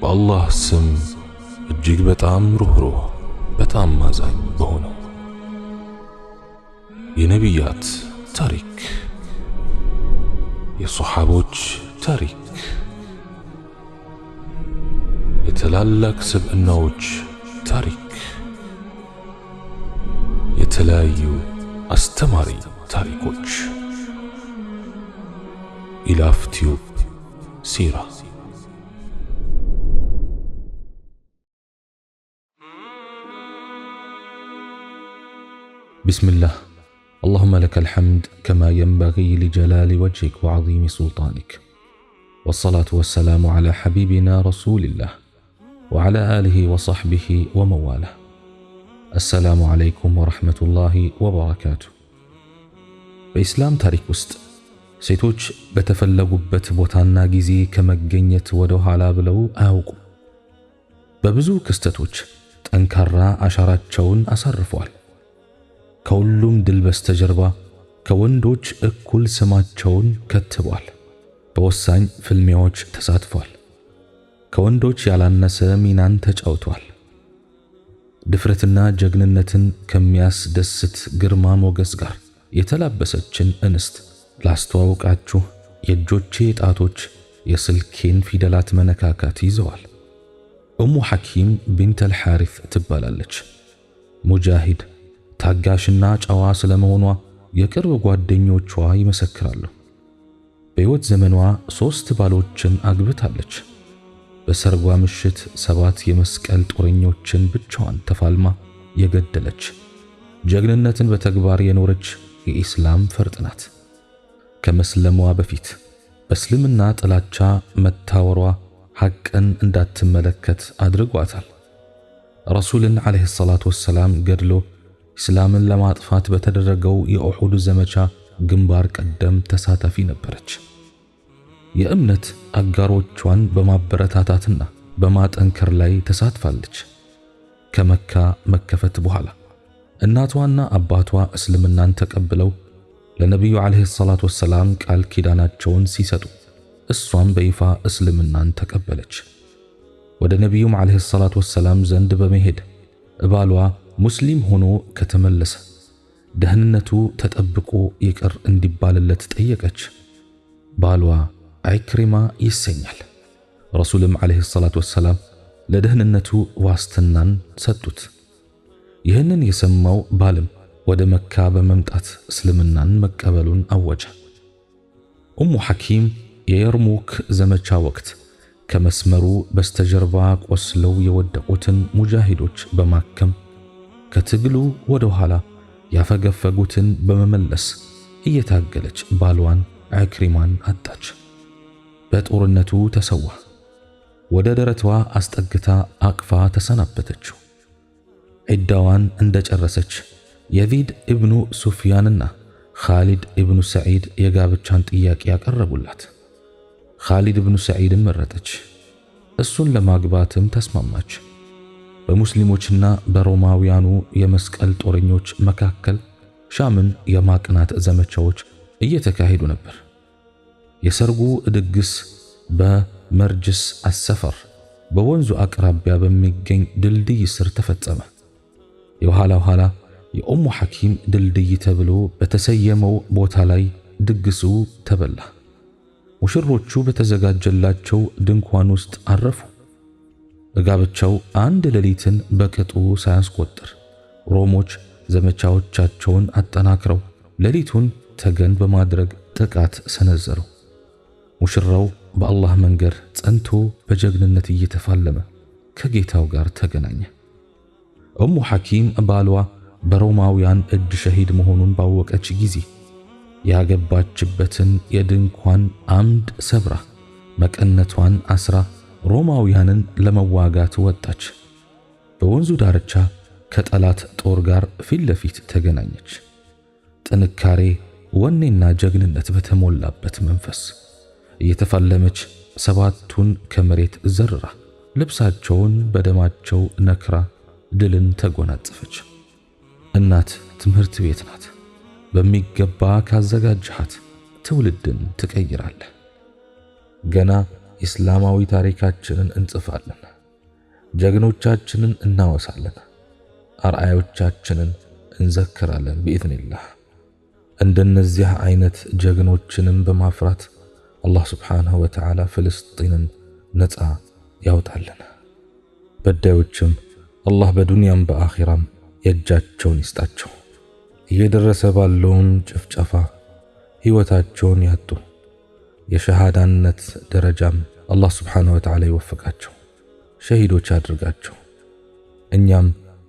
በአላህ ስም እጅግ በጣም ሩኅሩህ በጣም አዛኝ በሆነው የነቢያት ታሪክ የሶሓቦች ታሪክ የትላላቅ ስብዕናዎች ታሪክ የተለያዩ አስተማሪ ታሪኮች ኢላፍቲዩብ سيرة بسم الله اللهم لك الحمد كما ينبغي لجلال وجهك وعظيم سلطانك والصلاة والسلام على حبيبنا رسول الله وعلى آله وصحبه ومواله السلام عليكم ورحمة الله وبركاته بإسلام اسلام تاریک است ሴቶች በተፈለጉበት ቦታና ጊዜ ከመገኘት ወደ ኋላ ብለው አያውቁም። በብዙ ክስተቶች ጠንካራ አሻራቸውን አሳርፈዋል። ከሁሉም ድል በስተጀርባ ከወንዶች እኩል ስማቸውን ከትቧል። በወሳኝ ፍልሚያዎች ተሳትፏል። ከወንዶች ያላነሰ ሚናን ተጫውቷል። ድፍረትና ጀግንነትን ከሚያስደስት ግርማ ሞገስ ጋር የተላበሰችን እንስት ላስተዋውቃችሁ የእጆቼ ጣቶች የስልኬን ፊደላት መነካካት ይዘዋል። እሙ ሐኪም ቢንት አልሓሪፍ ትባላለች። ሙጃሂድ ታጋሽና ጨዋ ስለመሆኗ የቅርብ ጓደኞቿ ይመሰክራሉ። በሕይወት ዘመኗ ሦስት ባሎችን አግብታለች። በሰርጓ ምሽት ሰባት የመስቀል ጦረኞችን ብቻዋን ተፋልማ የገደለች ጀግንነትን በተግባር የኖረች የኢስላም ፈርጥ ናት። ከመስለሟ በፊት በእስልምና ጥላቻ መታወሯ ሐቅን እንዳትመለከት አድርጓታል። ረሱልን ዓለይሂ ሰላቱ ወሰላም ገድሎ እስላምን ለማጥፋት በተደረገው የኡሑድ ዘመቻ ግንባር ቀደም ተሳታፊ ነበረች። የእምነት አጋሮቿን በማበረታታትና በማጠንከር ላይ ተሳትፋለች። ከመካ መከፈት በኋላ እናቷና አባቷ እስልምናን ተቀብለው ለነቢዩ ዓለይሂ ሰላቱ ወሰላም ቃል ኪዳናቸውን ሲሰጡ እሷም በይፋ እስልምናን ተቀበለች። ወደ ነቢዩም ዓለይሂ ሰላቱ ወሰላም ዘንድ በመሄድ ባሏ ሙስሊም ሆኖ ከተመለሰ ደህንነቱ ተጠብቆ ይቅር እንዲባልለት ጠየቀች። ባሏ አይክሪማ ይሰኛል። ረሱልም ዓለይሂ ሰላቱ ወሰላም ለደህንነቱ ዋስትናን ሰጡት። ይህንን የሰማው ባልም ወደ መካ በመምጣት እስልምናን መቀበሉን አወጀ። ኡሙ ሐኪም የየርሙክ ዘመቻ ወቅት ከመስመሩ በስተጀርባ ቆስለው የወደቁትን ሙጃሂዶች በማከም ከትግሉ ወደ ኋላ ያፈገፈጉትን በመመለስ እየታገለች ባሏን አክሪማን አጣች። በጦርነቱ ተሰዋ። ወደ ደረቷ አስጠግታ አቅፋ ተሰናበተችው። ዒዳዋን እንደጨረሰች የዚድ እብኑ ሱፊያንና ኻሊድ እብኑ ሰዒድ የጋብቻን ጥያቄ ያቀረቡላት፣ ኻሊድ እብኑ ሰዒድን መረጠች። እሱን ለማግባትም ተስማማች። በሙስሊሞችና በሮማውያኑ የመስቀል ጦረኞች መካከል ሻምን የማቅናት ዘመቻዎች እየተካሄዱ ነበር። የሰርጉ ድግስ በመርጅስ አሰፈር በወንዙ አቅራቢያ በሚገኝ ድልድይ ስር ተፈጸመ። የኋላ ኋላ የኡሙ ሐኪም ድልድይ ተብሎ በተሰየመው ቦታ ላይ ድግሱ ተበላ። ሙሽሮቹ በተዘጋጀላቸው ድንኳን ውስጥ አረፉ። በጋብቻው አንድ ሌሊትን በቅጡ ሳያስቆጥር ሮሞች ዘመቻዎቻቸውን አጠናክረው ሌሊቱን ተገን በማድረግ ጥቃት ሰነዘሩ። ሙሽራው በአላህ መንገድ ጸንቶ በጀግንነት እየተፋለመ ከጌታው ጋር ተገናኘ። ኡሙ ሐኪም ባሏ በሮማውያን እጅ ሸሂድ መሆኑን ባወቀች ጊዜ ያገባችበትን የድንኳን አምድ ሰብራ መቀነቷን አስራ ሮማውያንን ለመዋጋት ወጣች። በወንዙ ዳርቻ ከጠላት ጦር ጋር ፊት ለፊት ተገናኘች። ጥንካሬ፣ ወኔና ጀግንነት በተሞላበት መንፈስ እየተፋለመች ሰባቱን ከመሬት ዘርራ ልብሳቸውን በደማቸው ነክራ ድልን ተጎናጸፈች። እናት ትምህርት ቤት ናት። በሚገባ ካዘጋጀሃት ትውልድን ትቀይራለህ። ገና ኢስላማዊ ታሪካችንን እንጽፋለን፣ ጀግኖቻችንን እናወሳለን፣ አርአዮቻችንን እንዘክራለን። ብኢዝኒላህ እንደነዚህ አይነት ጀግኖችንም በማፍራት አላህ ስብሓንሁ ወተዓላ ፍልስጢንን ነፃ ያውጣለን። በዳዮችም አላህ በዱንያም በአኺራም የእጃቸውን ይስጣቸው። እየደረሰ ባለውን ጭፍጨፋ ሕይወታቸውን ያጡ የሸሃዳነት ደረጃም አላህ ስብሓነሁ ወተዓላ ይወፍቃቸው፣ ሸሂዶች አድርጋቸው። እኛም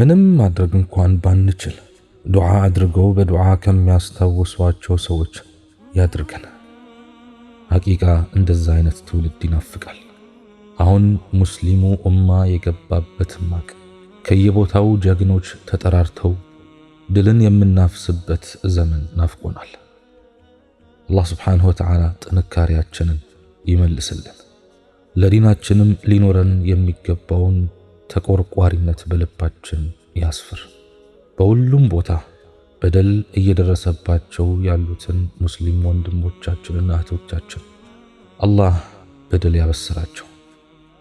ምንም ማድረግ እንኳን ባንችል ዱዓ አድርገው በዱዓ ከሚያስታውሷቸው ሰዎች ያድርገን። ሐቂቃ እንደዛ አይነት ትውልድ ይናፍቃል። አሁን ሙስሊሙ ኡማ የገባበት ማቅ ከየቦታው ጀግኖች ተጠራርተው ድልን የምናፍስበት ዘመን ናፍቆናል። አላህ ስብሓንሁ ወተዓላ ጥንካሬያችንን ይመልስልን፣ ለዲናችንም ሊኖረን የሚገባውን ተቆርቋሪነት በልባችን ያስፍር። በሁሉም ቦታ በደል እየደረሰባቸው ያሉትን ሙስሊም ወንድሞቻችንና እህቶቻችን አላህ በደል ያበስራቸው፣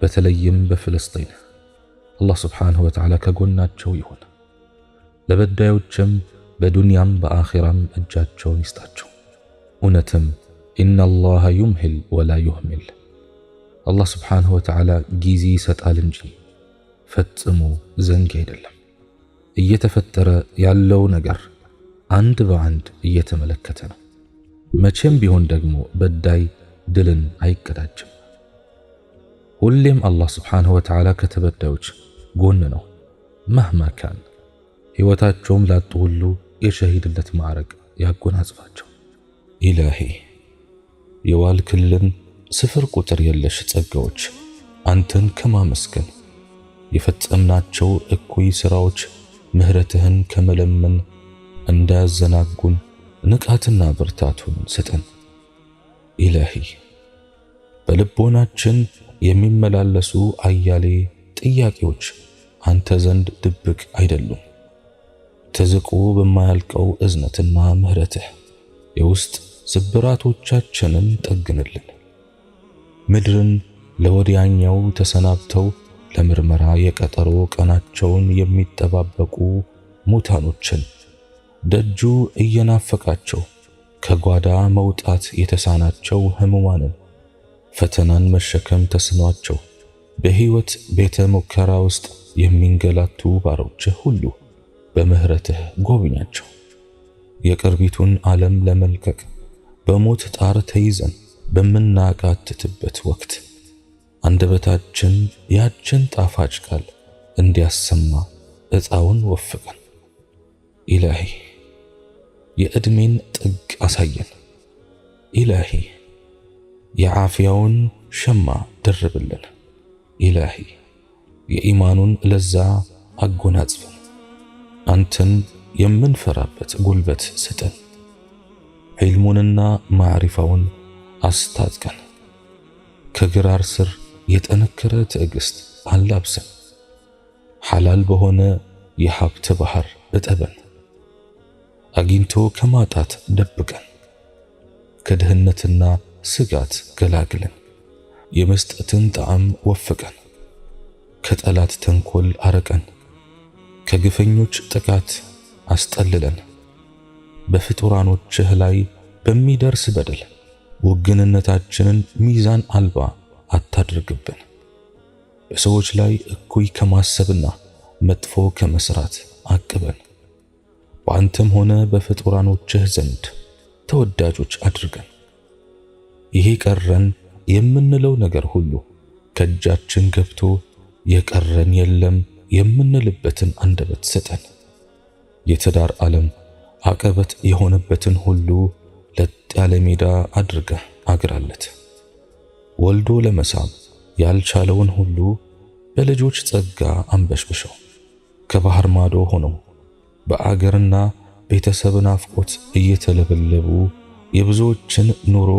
በተለይም በፍልስጤን አላህ ስብሓንሁ ወተዓላ ከጎናቸው ይሁን። ለበዳዮችም በዱንያም በአኼራም እጃቸውን ይስጣቸው። እውነትም ኢነላሃ ዩምሂል ወላ ዩህሚል፣ አላህ ስብሓንሁ ወተዓላ ጊዜ ይሰጣል እንጂ ፈጽሞ ዘንግ አይደለም። እየተፈጠረ ያለው ነገር አንድ በአንድ እየተመለከተ ነው። መቼም ቢሆን ደግሞ በዳይ ድልን አይቀዳጅም። ሁሌም አላህ ስብሓንሁ ወተዓላ ከተበዳዮች ጎን ነው። መህማ ካን ሕይወታቸውም ላጡ ሁሉ የሸሂድነት ማዕረግ ያጎናጽፋቸው። ኢላሂ የዋልክልን ስፍር ቁጥር የለሽ ጸጋዎች አንተን ከማመስገን የፈጸምናቸው እኩይ ሥራዎች ምህረትህን ከመለመን እንዳያዘናጉን ንቃትና ብርታቱን ስጠን። ኢላሂ በልቦናችን የሚመላለሱ አያሌ ጥያቄዎች አንተ ዘንድ ድብቅ አይደሉም። ተዝቆ በማያልቀው እዝነትና ምሕረትህ የውስጥ ስብራቶቻችንን ጠግንልን። ምድርን ለወዲያኛው ተሰናብተው ለምርመራ የቀጠሮ ቀናቸውን የሚጠባበቁ ሙታኖችን ደጁ እየናፈቃቸው ከጓዳ መውጣት የተሳናቸው ሕሙማንን ፈተናን መሸከም ተስኗቸው በሕይወት ቤተ ሙከራ ውስጥ የሚንገላቱ ባሮችህ ሁሉ በምህረትህ ጎብኛቸው። የቅርቢቱን ዓለም ለመልቀቅ በሞት ጣር ተይዘን በምናቃትትበት ወቅት አንደበታችን ያችን ጣፋጭ ቃል እንዲያሰማ ዕጣውን ወፍቀን። ኢላሂ የዕድሜን ጥግ አሳየን። ኢላሂ የዓፊያውን ሸማ ደርብልን። ኢላሂ የኢማኑን ለዛ አጎናጽፈን፣ አንተን የምንፈራበት ጉልበት ስጠን፣ ዒልሙንና ማዕሪፋውን አስታጥቀን፣ ከግራር ስር የጠነከረ ትዕግስት አላብሰን፣ ሐላል በሆነ የሀብት ባህር እጠበን፣ አግኝቶ ከማጣት ደብቀን፣ ከድህነትና ስጋት ገላግለን፣ የመስጠትን ጣዕም ወፍቀን ከጠላት ተንኮል አረቀን፣ ከግፈኞች ጥቃት አስጠልለን፣ በፍጡራኖችህ ላይ በሚደርስ በደል ውግንነታችንን ሚዛን አልባ አታድርግብን። በሰዎች ላይ እኩይ ከማሰብና መጥፎ ከመስራት አቅበን፣ በአንተም ሆነ በፍጡራኖችህ ዘንድ ተወዳጆች አድርገን። ይሄ ቀረን የምንለው ነገር ሁሉ ከእጃችን ገብቶ የቀረን የለም የምንልበትን አንደበት ስጠን። የትዳር ዓለም አቀበት የሆነበትን ሁሉ ለጥ ያለ ሜዳ አድርገህ አግራለት። ወልዶ ለመሳም ያልቻለውን ሁሉ በልጆች ጸጋ አንበሽብሸው። ከባህር ማዶ ሆነው በአገርና ቤተሰብ ናፍቆት እየተለበለቡ የብዙዎችን ኑሮ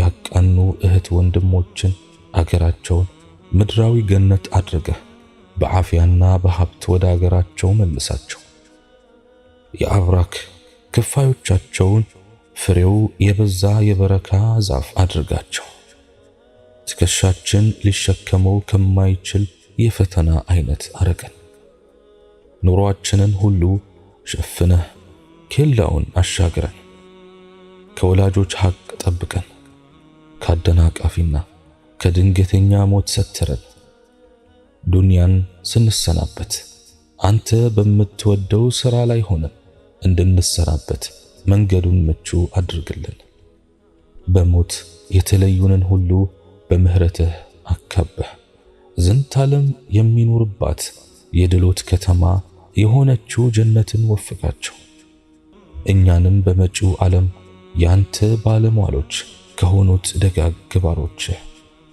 ያቃኑ እህት ወንድሞችን አገራቸውን ምድራዊ ገነት አድርገህ በዓፊያና በሀብት ወደ አገራቸው መልሳቸው። የአብራክ ክፋዮቻቸውን ፍሬው የበዛ የበረካ ዛፍ አድርጋቸው። ትከሻችን ሊሸከመው ከማይችል የፈተና አይነት አረገን። ኑሮአችንን ሁሉ ሸፍነህ ኬላውን አሻግረን፣ ከወላጆች ሐቅ ጠብቀን፣ ካደናቃፊና ከድንገተኛ ሞት ሰትረን ዱንያን ስንሰናበት አንተ በምትወደው ሥራ ላይ ሆነን እንድንሰራበት መንገዱን ምቹ አድርግልን። በሞት የተለዩንን ሁሉ በምህረትህ አካበህ ዝንታለም የሚኖርባት የድሎት ከተማ የሆነችው ጀነትን ወፍቃቸው። እኛንም በመጪው ዓለም ያንተ ባለሟሎች ከሆኑት ደጋግ ባሮችህ